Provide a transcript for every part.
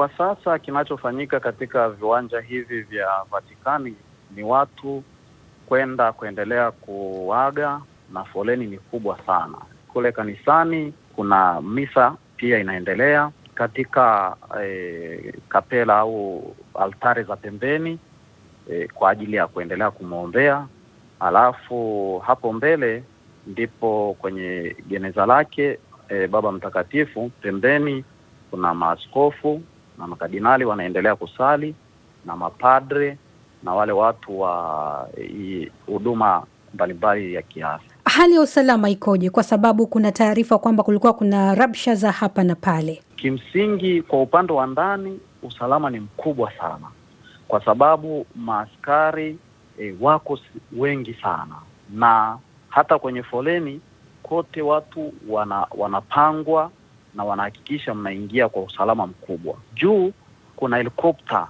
Kwa sasa kinachofanyika katika viwanja hivi vya Vatikani ni watu kwenda kuendelea kuaga na foleni ni kubwa sana. Kule kanisani kuna misa pia inaendelea katika e, kapela au altare za pembeni e, kwa ajili ya kuendelea kumwombea. Alafu hapo mbele ndipo kwenye jeneza lake e, Baba Mtakatifu, pembeni kuna maaskofu na makadinali wanaendelea kusali na mapadre na wale watu wa eh, huduma mbalimbali ya kiafya. Hali ya usalama ikoje? Kwa sababu kuna taarifa kwamba kulikuwa kuna rabsha za hapa na pale. Kimsingi, kwa upande wa ndani usalama ni mkubwa sana, kwa sababu maaskari e, wako wengi sana, na hata kwenye foleni kote watu wana, wanapangwa na wanahakikisha mnaingia kwa usalama mkubwa. Juu kuna helikopta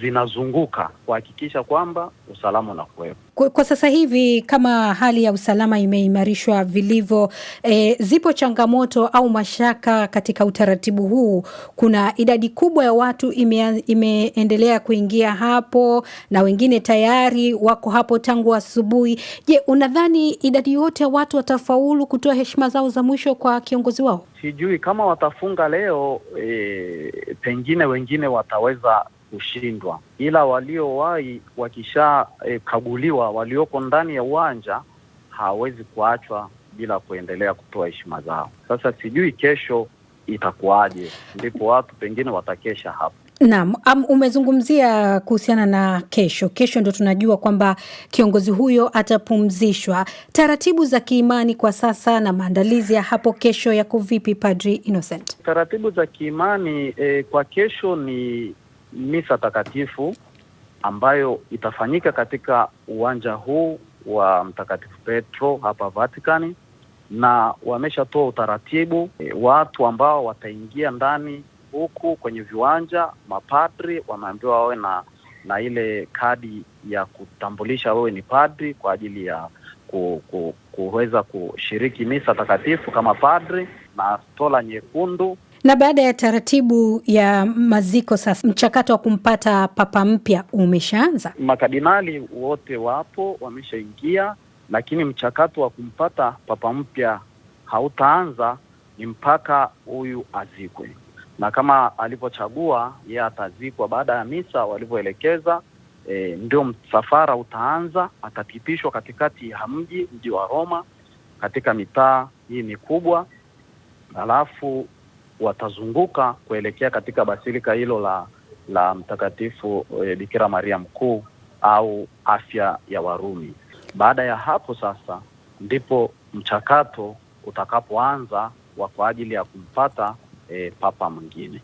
zinazunguka kuhakikisha kwamba usalama unakuwepo. Kwa, kwa sasa hivi kama hali ya usalama imeimarishwa vilivyo, e, zipo changamoto au mashaka katika utaratibu huu? Kuna idadi kubwa ya watu ime, imeendelea kuingia hapo na wengine tayari wako hapo tangu asubuhi. Je, unadhani idadi yote ya watu watafaulu kutoa heshima zao za mwisho kwa kiongozi wao? Sijui kama watafunga leo, e, pengine wengine wataweza kushindwa, ila waliowahi wakishakaguliwa, eh, walioko ndani ya uwanja hawawezi kuachwa bila kuendelea kutoa heshima zao. Sasa sijui kesho itakuwaje, ndipo watu pengine watakesha hapo. Naam, umezungumzia kuhusiana na kesho. Kesho ndio tunajua kwamba kiongozi huyo atapumzishwa. Taratibu za kiimani kwa sasa na maandalizi ya hapo kesho yako vipi, Padri Innocent? Taratibu za kiimani eh, kwa kesho ni misa takatifu ambayo itafanyika katika uwanja huu wa Mtakatifu Petro hapa Vatican, na wameshatoa utaratibu e, watu ambao wataingia ndani huku kwenye viwanja. Mapadri wameambiwa wawe na na ile kadi ya kutambulisha wewe ni padri kwa ajili ya ku, ku, kuweza kushiriki misa takatifu kama padri na stola nyekundu na baada ya taratibu ya maziko sasa, mchakato wa kumpata papa mpya umeshaanza. Makadinali wote wapo, wameshaingia, lakini mchakato wa kumpata papa mpya hautaanza ni mpaka huyu azikwe, na kama alivyochagua yeye atazikwa baada ya misa walivyoelekeza. E, ndio msafara utaanza, atatipishwa katikati ya mji, mji wa Roma, katika mitaa hii mikubwa, alafu watazunguka kuelekea katika basilika hilo la la Mtakatifu e, Bikira Maria Mkuu au afya ya Warumi. Baada ya hapo sasa ndipo mchakato utakapoanza wa kwa ajili ya kumpata e, papa mwingine.